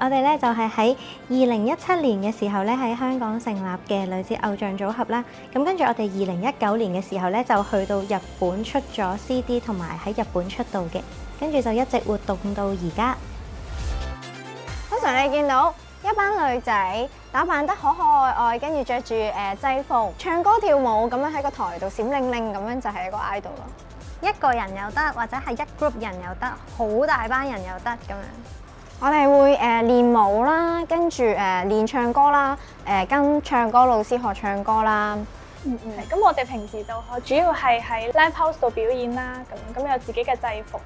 我哋咧就係喺二零一七年嘅時候咧喺香港成立嘅女子偶像組合啦，咁跟住我哋二零一九年嘅時候咧就去到日本出咗 CD 同埋喺日本出道嘅，跟住就一直活動到而家。通常你見到一班女仔打扮得可可愛愛，跟住着住誒制服，唱歌跳舞咁樣喺個台度閃靈靈咁樣就係一個 idol 咯。一個人又得，或者係一 group 人又得，好大班人又得咁樣。我哋會誒練舞啦，跟住誒練唱歌啦，誒跟唱歌老師學唱歌啦、嗯。嗯嗯。咁是我哋平時就主要係喺 Live House 度表演啦，咁咁有自己嘅制服。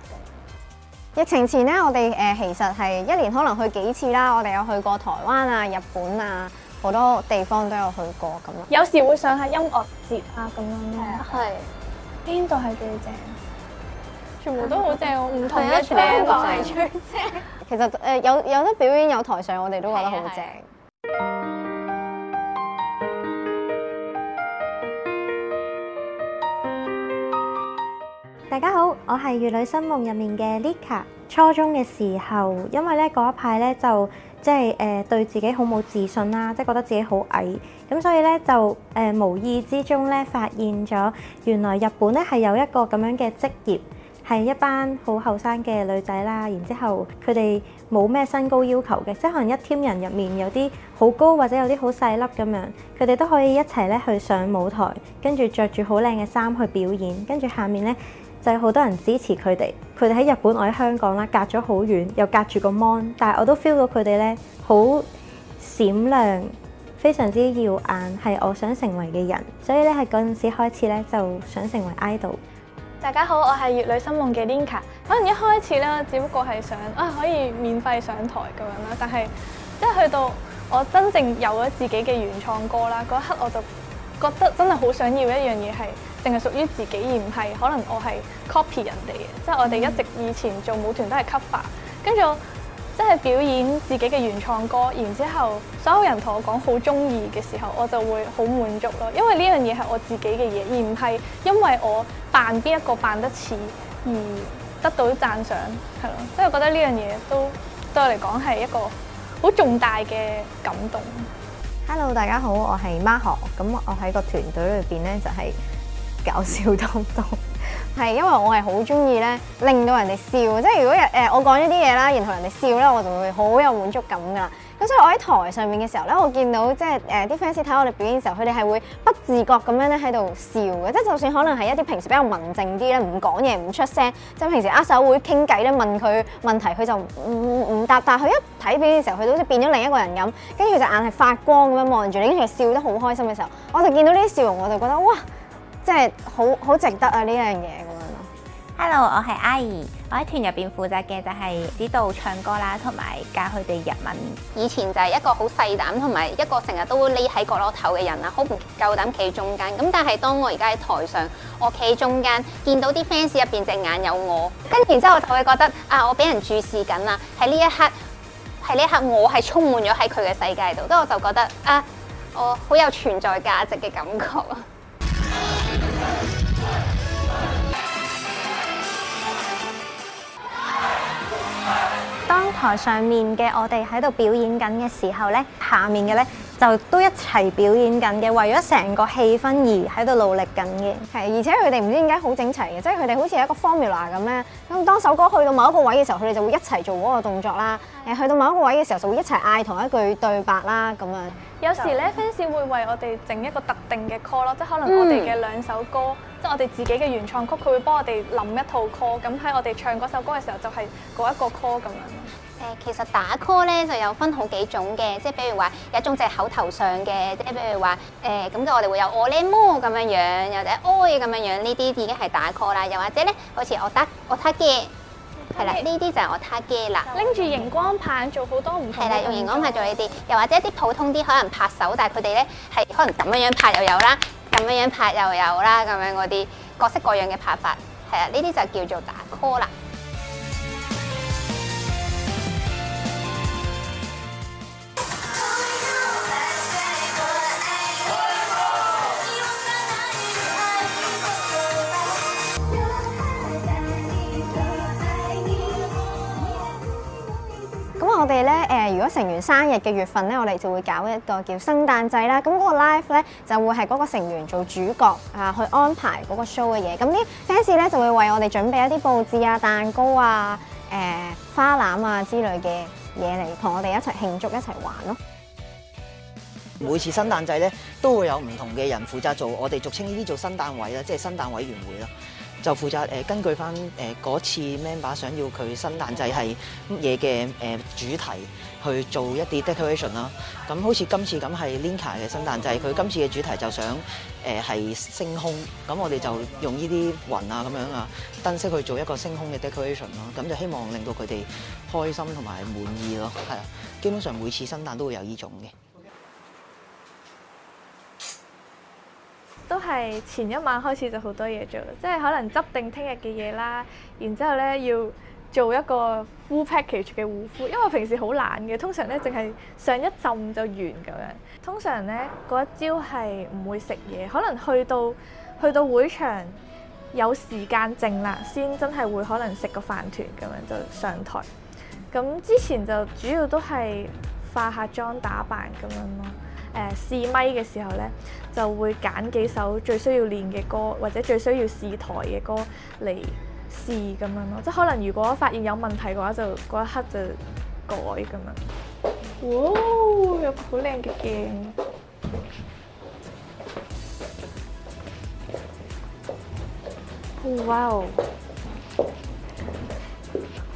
疫情前咧，我哋誒其實係一年可能去幾次啦。我哋有去過台灣啊、日本啊，好多地方都有去過咁咯。有時會上下音樂節啊咁樣。係啊是，係。邊度係最正？全部都好正，唔同嘅風格嚟，最 其實誒有有得表演有台上，我哋都覺得好正。大家好，我係《乙女新夢》入面嘅 Lika。初中嘅時候，因為咧嗰一排咧就即係誒對自己好冇自信啦，即係覺得自己好矮，咁所以咧就誒無意之中咧發現咗，原來日本咧係有一個咁樣嘅職業。係一班好後生嘅女仔啦，然之後佢哋冇咩身高要求嘅，即係可能一 team 人入面有啲好高或者有啲好細粒咁樣，佢哋都可以一齊咧去上舞台，跟住着住好靚嘅衫去表演，跟住下面咧就有好多人支持佢哋。佢哋喺日本，我喺香港啦，隔咗好遠，又隔住個 mon，但係我都 feel 到佢哋咧好閃亮，非常之耀眼，係我想成為嘅人，所以咧喺嗰陣時開始咧就想成為 idol。大家好，我係乙女新夢嘅 Linka。可能一開始咧，只不過係想啊可以免費上台咁樣啦，但係即係去到我真正有咗自己嘅原創歌啦，嗰一刻我就覺得真係好想要一樣嘢，係淨係屬於自己而，而唔係可能我係 copy 人哋嘅。即係、嗯、我哋一直以前做舞團都係 cover，跟住我即係表演自己嘅原創歌，然之後所有人同我講好中意嘅時候，我就會好滿足咯。因為呢樣嘢係我自己嘅嘢，而唔係因為我扮邊一個扮得似而得到讚賞，係咯。所以我覺得呢樣嘢都對我嚟講係一個好重大嘅感動。Hello，大家好，我係 Mark，咁我喺個團隊裏邊咧就係搞笑擔當。係因為我係好中意咧，令到人哋笑。即係如果誒、呃、我講一啲嘢啦，然後人哋笑咧，我就會好有滿足感㗎啦。咁所以我喺台上面嘅時候咧，我見到即係誒啲 fans 睇我哋表演嘅時候，佢哋係會不自覺咁樣咧喺度笑嘅。即係就算可能係一啲平時比較文靜啲咧，唔講嘢唔出聲，即係平時握手會傾偈咧，問佢問題佢就唔唔答。但佢一睇表演嘅時候，佢都好似變咗另一個人咁，跟住就眼係發光咁樣望住你，跟住笑得好開心嘅時候，我就見到呢啲笑容，我就覺得哇！即係好好值得啊！呢樣嘢咁樣咯。Hello，我係阿怡。我喺團入邊負責嘅就係指導唱歌啦，同埋教佢哋日文。以前就係一個好細膽，同埋一個成日都匿喺角落頭嘅人啊，好唔夠膽企中間。咁但係當我而家喺台上，我企中間，見到啲 fans 入邊隻眼有我，跟然之後我就會覺得啊，我俾人注視緊啊！喺呢一刻，喺呢一刻我係充滿咗喺佢嘅世界度，跟住我就覺得啊，我好有存在價值嘅感覺。當台上面嘅我哋喺度表演緊嘅時候咧，下面嘅咧。就都一齊表演緊嘅，為咗成個氣氛而喺度努力緊嘅。係、嗯，而且佢哋唔知點解好整齊嘅，即係佢哋好似一個 formula 咁咧。咁當首歌到的去到某一個位嘅時候，佢哋就會一齊做嗰個動作啦。誒，去到某一個位嘅時候，就會一齊嗌同一句對白啦咁樣。有時咧，fans 就會為我哋整一個特定嘅 call 咯，即係可能我哋嘅兩首歌，嗯、即係我哋自己嘅原創曲，佢會幫我哋諗一套 call，咁喺我哋唱嗰首歌嘅時候，就係、是、嗰一個 call 咁樣。誒，其實打 call 咧就有分好幾種嘅，即係比如話一種就係口頭上嘅，即係比如話誒，咁、呃、就我哋會有我咧摸咁樣樣，或者哀咁樣樣呢啲已經係打 call 啦。又或者咧，好似我得，我打嘅，係啦 Okay.，呢啲就係我打嘅啦。拎住熒光棒做好多唔同。係啦，用熒光棒做呢啲，又或者一啲普通啲，可能拍手，但係佢哋咧係可能咁樣樣拍又有啦，咁樣樣拍又有啦，咁樣嗰啲各式各樣嘅拍法，係啦，呢啲就叫做打 call 啦。我哋咧，誒，如果成員生日嘅月份咧，我哋就會搞一個叫生誕祭啦。咁、那、嗰個 live 咧，就會係嗰個成員做主角啊，去安排嗰個 show 嘅嘢。咁啲 fans 咧就會為我哋準備一啲佈置啊、蛋糕啊、誒、呃、花籃啊之類嘅嘢嚟，同我哋一齊慶祝一、一齊玩咯。每次生誕祭咧，都會有唔同嘅人負責做，我哋俗稱呢啲做生誕委啦，即係生誕委員會啦。就負責，誒，根據翻，誒，嗰次 member 想要佢新誕祭係乜嘢嘅，誒，主題去做一啲 decoration 啦。咁好似今次咁係 Linka 嘅新誕祭，佢今次嘅主題就想誒係、呃、星空。咁我哋就用呢啲雲啊咁樣啊，燈飾去做一個星空嘅 decoration 咯。咁就希望令到佢哋開心同埋滿意咯。係啦，基本上每次新誕都會有呢種嘅。都係前一晚開始就好多嘢做，即係可能執定聽日嘅嘢啦，然之後呢，要做一個 full package 嘅護膚，因為我平時好懶嘅，通常呢淨係上一浸就完咁樣。通常呢，嗰一,一朝係唔會食嘢，可能去到去到會場有時間靜啦，先真係會可能食個飯團咁樣就上台。咁之前就主要都係化下妝打扮咁樣咯。誒試咪嘅時候咧，就會揀幾首最需要練嘅歌，或者最需要試台嘅歌嚟試咁樣咯。即係可能如果發現有問題嘅話，就嗰一刻就改咁樣。哇！有個好靚嘅鏡。哇！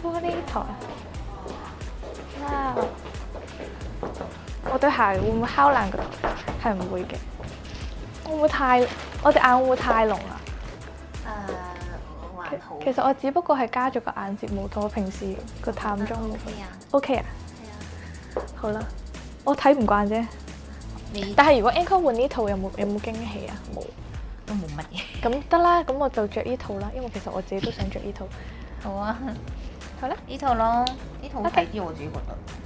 玻璃台。會會我對鞋會唔會敲爛？嗰度係唔會嘅。會唔會太？我隻眼會太濃啊？誒、uh,，其實我只不過係加咗個眼睫毛同我平時個淡妝冇。O K 啊。係啊。好啦，我睇唔慣啫。這但係如果 Anchor 換呢套有冇有冇驚喜啊？冇沒，都冇乜嘢。咁得啦，咁我就着呢套啦，因為其實我自己都想着呢套。好啊。好啦吧，呢套咯。呢套好睇啲，我自己覺得。Okay.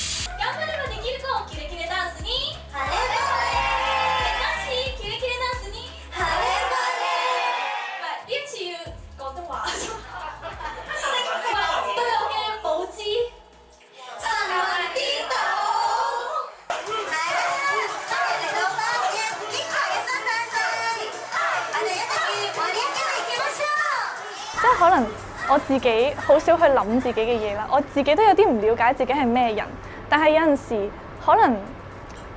我自己好少去諗自己嘅嘢啦，我自己都有啲唔了解自己係咩人。但係有陣時可能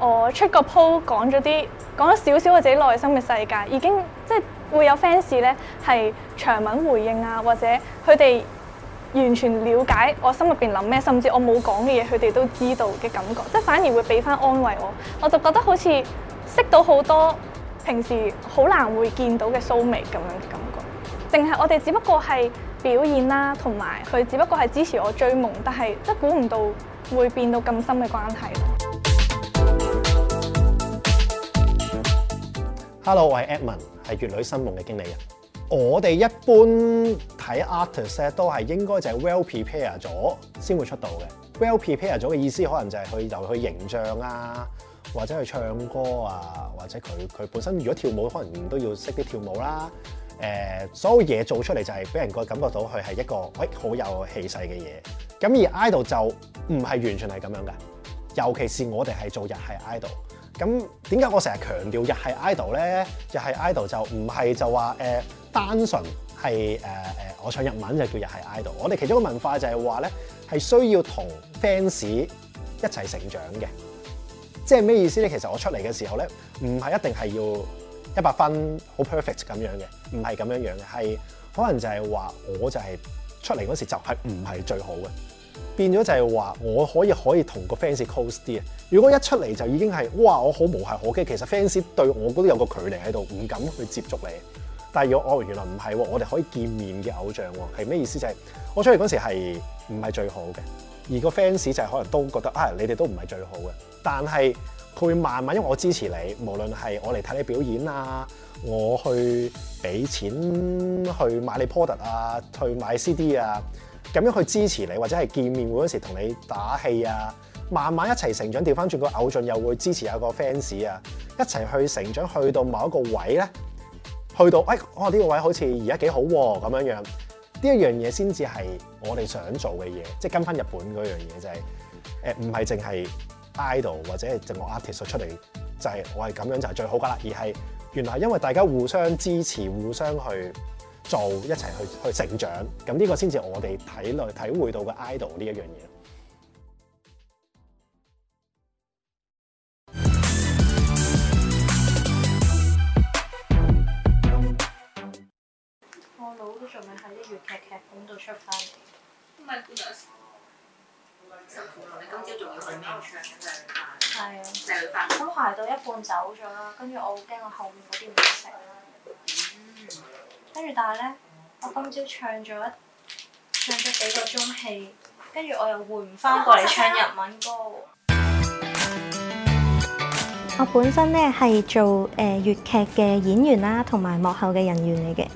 我出個 po 講咗啲，講咗少少我自己內心嘅世界，已經即係、就是、會有 fans 咧，係長文回應啊，或者佢哋完全了解我心入邊諗咩，甚至我冇講嘅嘢佢哋都知道嘅感覺即係反而會俾翻安慰我。我就覺得好似識到好多平時好難會見到嘅 soulmate 咁樣嘅感覺定係我哋只不過係。表演啦，同埋佢只不過係支持我追夢，但係真估唔到會變到咁深嘅關係。Hello，我係 Edmond 係乙女新夢嘅經理人。我哋一般睇 artist 咧，都係應該就係 well prepare 咗先會出道嘅。Well prepare 咗嘅意思，可能就係佢由佢形象啊，或者佢唱歌啊，或者佢佢本身如果跳舞，可能都要識啲跳舞啦。誒所有嘢做出嚟就係俾人個感覺到佢係一個，喂好有氣勢嘅嘢。咁而 idol 就唔係完全係咁樣嘅，尤其是我哋係做日系 idol。咁點解我成日強調日系 idol 咧？日系 idol 就唔係就話誒、呃、單純係誒誒我唱日文就叫日系 idol。我哋其中嘅文化就係話咧，係需要同 fans 一齊成長嘅，即係咩意思咧？其實我出嚟嘅時候咧，唔係一定係要一百分好 perfect 咁樣嘅。唔係咁樣樣嘅，係可能就係話，我就係出嚟嗰時就係唔係最好嘅，變咗就係話，我可以可以同個 fans close 啲啊。如果一出嚟就已經係哇，我好無懈可擊，其實 fans 對我都有個距離喺度，唔敢去接觸你。但如果我、哦、原來唔係喎，我哋可以見面嘅偶像喎，係咩意思？就係、係、我出嚟嗰時係唔係最好嘅，而個 fans 就係可能都覺得啊、哎，你哋都唔係最好嘅。但係佢會慢慢，因為我支持你，無論係我嚟睇你表演啊。我去俾錢去買你 product 啊，去買 CD 啊，咁樣去支持你，或者係見面會嗰時同你打氣啊，慢慢一齊成長，調翻轉個偶像又會支持下個 fans 啊，一齊去成長，去到某一個位咧，去到，喂、哎，我、哦、呢、這個位好似而家幾好喎、啊，咁樣樣，呢一樣嘢先至係我哋想做嘅嘢，即係跟翻日本嗰樣嘢就係、是，誒、呃，唔係淨係 idol 或者係淨 art、就係、我 artist 出嚟就係我係咁樣就係最好噶啦，而係。原來係因為大家互相支持、互相去做、一齊去去成長，咁呢個先至我哋體內體會到嘅 idol 呢一樣嘢。我老咗仲未喺粵劇劇本度出返嚟， 辛苦咯，你今朝仲要去咩唱嘅啫？係啊、嗯，成日翻都排到一半走咗啦，跟住我好驚我後面嗰啲唔得食。跟住、嗯、但係咧，嗯、我今朝唱咗一、嗯、唱咗幾個鐘戲，跟住我又換唔翻過嚟唱日文歌。我本身咧係做誒、呃、粵劇嘅演員啦，同埋幕後嘅人員嚟嘅。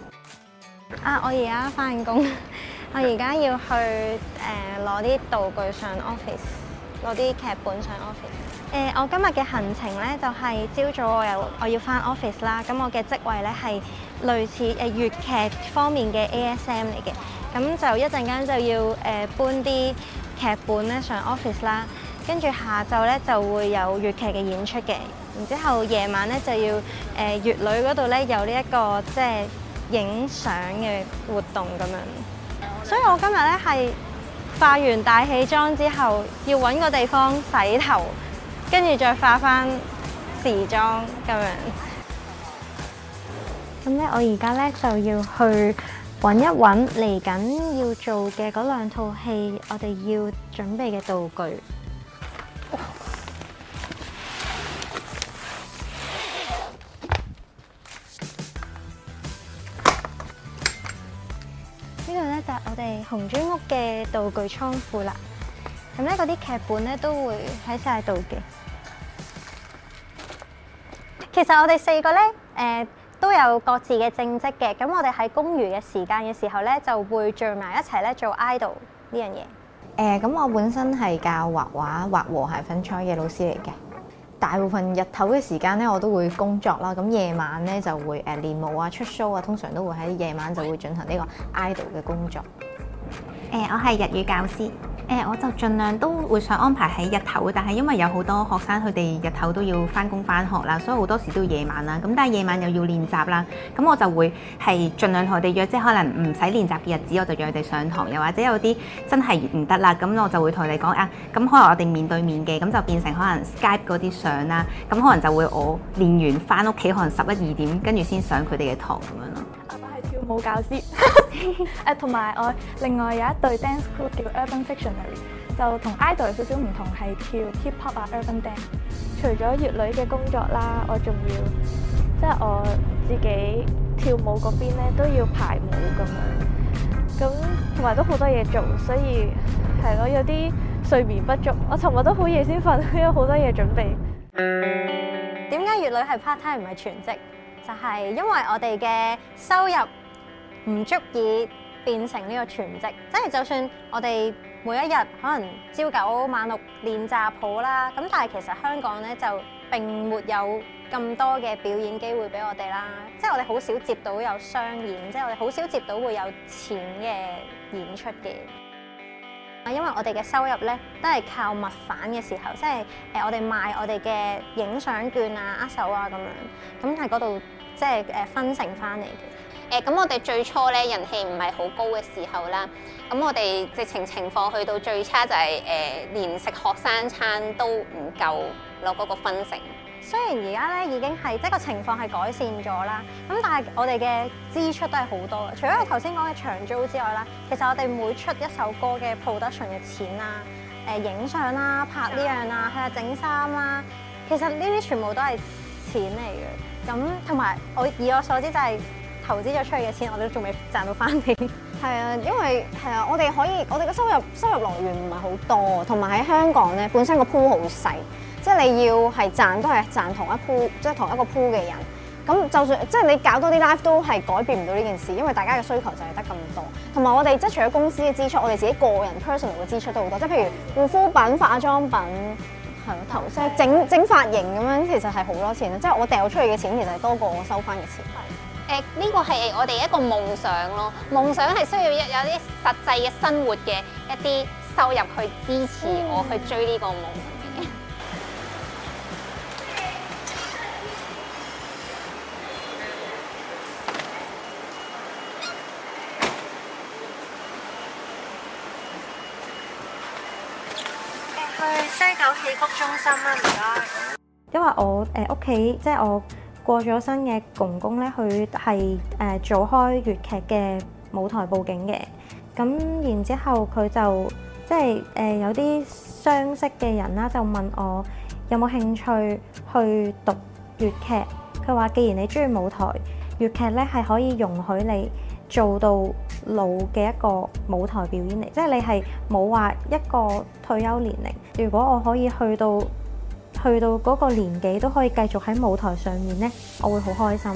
啊，我而家翻工。 我而家要去誒攞啲道具上 office，攞啲劇本上 office。誒、呃，我今日嘅行程咧，就係、是、朝早我有我要返 office 啦。咁我嘅職位咧係類似誒、呃、粵劇方面嘅 A S M 嚟嘅，咁就一陣間就要誒、呃、搬啲劇本咧上 office 啦。跟住下晝咧就會有粵劇嘅演出嘅，然之後夜晚咧就要誒乙、呃、女嗰度咧有呢、這、一個即係影相嘅活動咁樣。所以我今日咧係化完大戲妝之後，要揾個地方洗頭，跟住再化返時裝咁樣。咁咧，我而家咧就要去揾一揾嚟緊要做嘅嗰兩套戲，我哋要準備嘅道具。係紅磚屋嘅道具倉庫啦，咁咧嗰啲劇本咧都會喺晒度嘅。其實我哋四個咧，誒、呃、都有各自嘅正職嘅。咁我哋喺公餘嘅時間嘅時候咧，就會聚埋一齊咧做 idol 呢樣嘢。誒、呃，咁我本身係教畫畫、畫和諧粉彩嘅老師嚟嘅。大部分日頭嘅時間咧，我都會工作啦。咁夜晚咧就會誒練、呃、舞啊、出 show 啊，通常都會喺夜晚就會進行呢個 idol 嘅工作。誒、欸，我係日語教師，誒、欸，我就盡量都會想安排喺日頭，但係因為有好多學生佢哋日頭都要翻工翻學啦，所以好多時都要夜晚啦，咁但係夜晚又要練習啦，咁我就會係盡量同佢哋約，即係可能唔使練習嘅日子，我就約佢哋上堂，又或者有啲真係唔得啦，咁我就會同佢哋講啊，咁可能我哋面對面嘅，咁就變成可能 Skype 嗰啲相啦，咁可能就會我練完翻屋企可能十一二點，跟住先上佢哋嘅堂咁樣咯。跳舞教師，誒同埋我另外有一隊 dance crew 叫 Urban Fictionary，就同 Idol 有少少唔同，係跳 hip hop 啊，urban dance。除咗乙女嘅工作啦，我仲要即係我自己跳舞嗰邊咧都要排舞咁樣，咁同埋都好多嘢做，所以係咯，有啲睡眠不足，我尋日都好夜先瞓，有好多嘢準備。點解乙女係 part time 唔係全職？就係因為我哋嘅收入。唔足以變成呢個全職，即係就算我哋每一日可能朝九晚六練習譜啦，咁但係其實香港咧就並沒有咁多嘅表演機會俾我哋啦，即係我哋好少接到有商演，即係我哋好少接到會有錢嘅演出嘅。啊，因為我哋嘅收入咧都係靠物販嘅時候，即係誒我哋賣我哋嘅影相券啊、握手啊咁樣，咁喺嗰度即係誒分成翻嚟嘅。誒咁，嗯、我哋最初咧人氣唔係好高嘅時候啦。咁我哋直情情況去到最差就係、是、誒、呃、連食學生餐都唔夠攞嗰個分成。雖然而家咧已經係即係個情況係改善咗啦，咁但係我哋嘅支出都係好多。除咗頭先講嘅長租之外啦，其實我哋每出一首歌嘅 production 嘅錢啦、啊、誒影相啦、拍呢樣啦、去整衫啦，其實呢啲全部都係錢嚟嘅。咁同埋我以我所知就係、是。投資咗出去嘅錢，我哋都仲未賺到翻嚟。係啊，因為係啊，我哋可以，我哋嘅收入收入來源唔係好多，同埋喺香港咧，本身個 pool 好細，即係你要係賺都係賺同一 pool，即係同一個 pool 嘅人。咁就算即係你搞多啲 life，都係改變唔到呢件事，因為大家嘅需求就係得咁多。同埋我哋即係除咗公司嘅支出，我哋自己個人 personal 嘅支出都好多，即係譬如護膚品、化妝品係咯，頭飾、嗯、整整髮型咁樣，其實係好多錢啊！即係我掉出去嘅錢，其實係多過我收翻嘅錢。誒呢個係我哋一個夢想咯，夢想係需要有一有啲實際嘅生活嘅一啲收入去支持我去追呢個夢想嘅。嗯、 去西九戲曲中心啦、啊，唔該。因為我誒屋企即係我。過咗身嘅公公呢，佢係誒做開粵劇嘅舞台佈景嘅。咁然之後佢就即係誒、呃、有啲相識嘅人啦，就問我有冇興趣去讀粵劇。佢話：既然你中意舞台，粵劇呢係可以容許你做到老嘅一個舞台表演嚟，即係你係冇話一個退休年齡。如果我可以去到去到嗰個年紀都可以繼續喺舞台上面呢，我會好開心。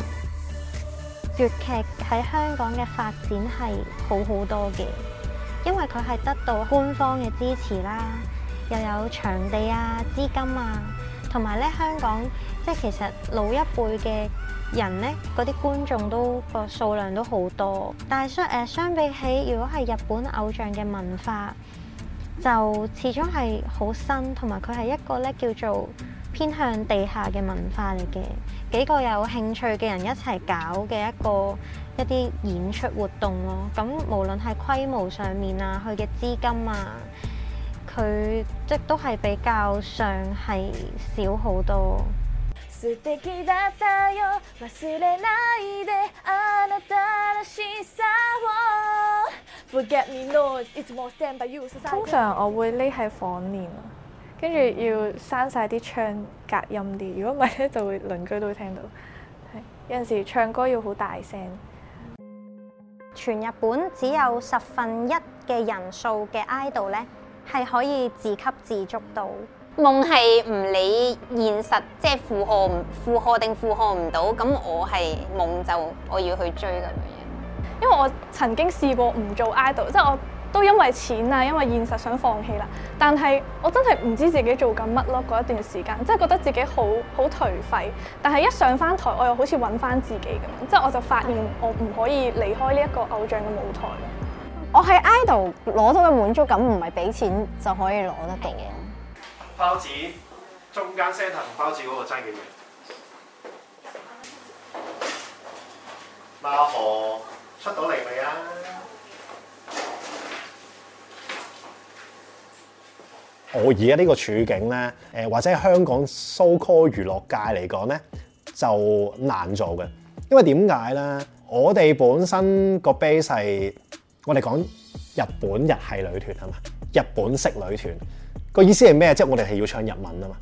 粵劇喺香港嘅發展係好好多嘅，因為佢係得到官方嘅支持啦，又有場地啊、資金啊，同埋咧香港即係其實老一輩嘅人呢，嗰啲觀眾都個數量都好多。但係相誒相比起，如果係日本偶像嘅文化。就始終係好新，同埋佢係一個呢，叫做偏向地下嘅文化嚟嘅，幾個有興趣嘅人一齊搞嘅一個一啲演出活動囉。噉無論係規模上面啊，佢嘅資金啊，佢即都係比較上係少好多。Lord, 通常我會匿喺房練，跟住要閂晒啲窗隔音啲。如果唔係咧，就會鄰居都會聽到。有陣時唱歌要好大聲。全日本只有十分一嘅人數嘅 idol 咧，係可以自給自足到。夢係唔理現實，即係負荷唔負荷定負荷唔到，咁我係夢就我要去追咁樣嘢。因為我曾經試過唔做 idol，即係我都因為錢啊，因為現實想放棄啦、啊。但係我真係唔知自己做緊乜咯，嗰一段時間即係、就是、覺得自己好好頹廢。但係一上翻台，我又好似揾翻自己咁、啊，即、就、係、是、我就發現我唔可以離開呢一個偶像嘅舞台。嗯、我喺 idol 攞到嘅滿足感唔係俾錢就可以攞得到。的包子，中間 set 包子嗰個爭幾遠？貓婆。出到嚟未啊！我而家呢個處境咧，誒或者係香港 so called 娛樂界嚟講咧，就難做嘅。因為點解咧？我哋本身個 base 係我哋講日本日系女團啊嘛，日本式女團個意思係咩？即係我哋係要唱日文啊嘛。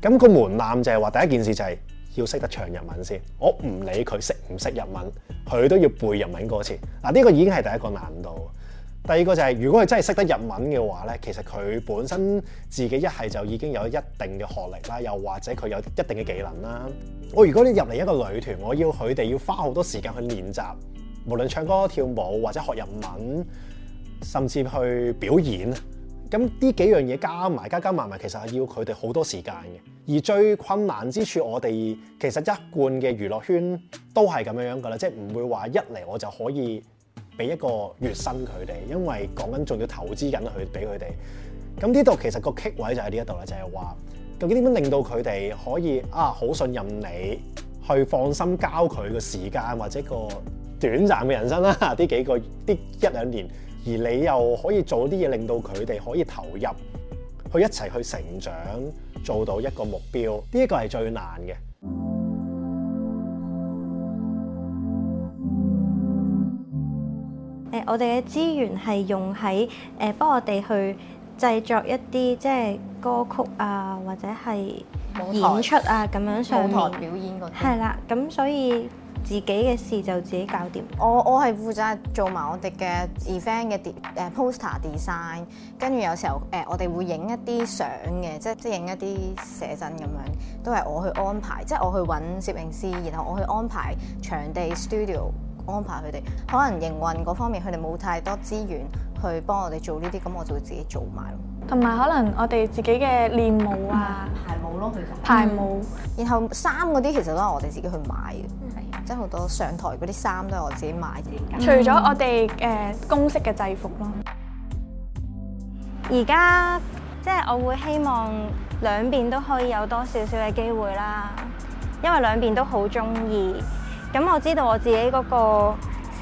咁個門檻就係話第一件事就係、是。要識得唱日文先，我唔理佢識唔識日文，佢都要背日文歌詞。嗱，呢個已經係第一個難度。第二個就係，如果佢真係識得日文嘅話咧，其實佢本身自己一係就已經有一定嘅學歷啦，又或者佢有一定嘅技能啦。我如果你入嚟一個女團，我要佢哋要花好多時間去練習，無論唱歌、跳舞或者學日文，甚至去表演。咁呢幾樣嘢加埋加加埋埋，其實係要佢哋好多時間嘅。而最困難之處我，我哋其實一貫嘅娛樂圈都係咁樣樣㗎啦，即係唔會話一嚟我就可以俾一個月薪佢哋，因為講緊仲要投資緊佢，俾佢哋。咁呢度其實個棘位就喺呢一度啦，就係話究竟點樣令到佢哋可以啊好信任你，去放心交佢個時間或者個短暫嘅人生啦，呢幾個啲一兩年。而你又可以做啲嘢，令到佢哋可以投入，去一齊去成長，做到一個目標，呢一個係最難嘅。誒，我哋嘅資源係用喺誒幫我哋去製作一啲即係歌曲啊，或者係台演出啊咁樣上面。舞台表演嗰啲。係啦，咁所以。自己嘅事就自己搞掂。我我係負責做埋我哋嘅 event 嘅誒 poster design。跟住有時候誒，我哋會影一啲相嘅，即即影一啲寫真咁樣，都係我去安排，即、就是、我去揾攝影師，然後我去安排場地、studio，安排佢哋。可能營運嗰方面，佢哋冇太多資源去幫我哋做呢啲，咁我就會自己做埋咯。同埋可能我哋自己嘅練舞啊，排舞咯，其實排舞。嗯、然後衫嗰啲其實都係我哋自己去買嘅。嗯。即係好多上台嗰啲衫都係我自己買嘅、嗯。除咗我哋誒公式嘅制服咯，而家即係我會希望兩邊都可以有多少少嘅機會啦，因為兩邊都好中意。咁我知道我自己嗰個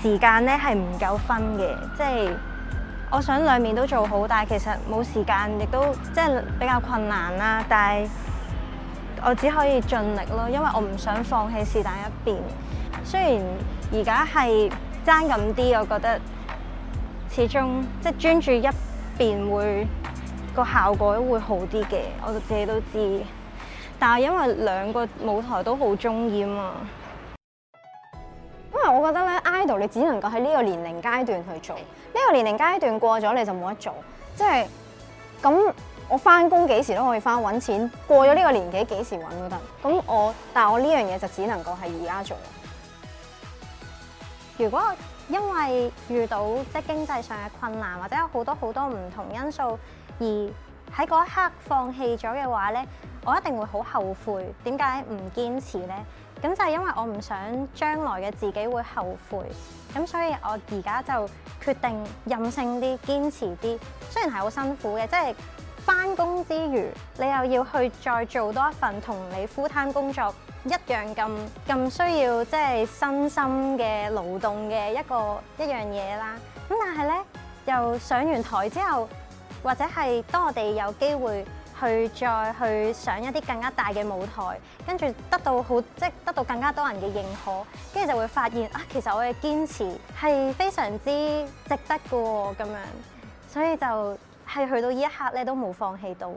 時間咧係唔夠分嘅，即係我想兩邊都做好，但係其實冇時間亦都即係比較困難啦。但係我只可以盡力咯，因為我唔想放棄是但一邊。雖然而家係爭咁啲，我覺得始終即係專注一邊會個效果會好啲嘅，我自己都知。但係因為兩個舞台都好中意啊嘛，因為、嗯、我覺得咧，idol 你只能夠喺呢個年齡階段去做，呢、呢個年齡階段過咗你就冇得做。即係咁，我翻工幾時都可以翻揾錢，過咗呢個年紀幾時揾都得。咁我，但係我呢樣嘢就只能夠係而家做。如果因為遇到即係經濟上嘅困難，或者有好多好多唔同因素而喺嗰一刻放棄咗嘅話咧，我一定會好後悔。點解唔堅持咧？咁就係因為我唔想將來嘅自己會後悔，咁所以我而家就決定任性啲、堅持啲。雖然係好辛苦嘅，即係返工之餘，你又要去再做多一份同你 full time 工作。一樣咁咁需要即係身心嘅勞動嘅一個一樣嘢啦。咁但係咧，又上完台之後，或者係當我哋有機會去再去上一啲更加大嘅舞台，跟住得到好即係得到更加多人嘅認可，跟住就會發現啊，其實我嘅堅持係非常之值得㗎喎咁樣。所以就係去到呢一刻咧，都冇放棄到。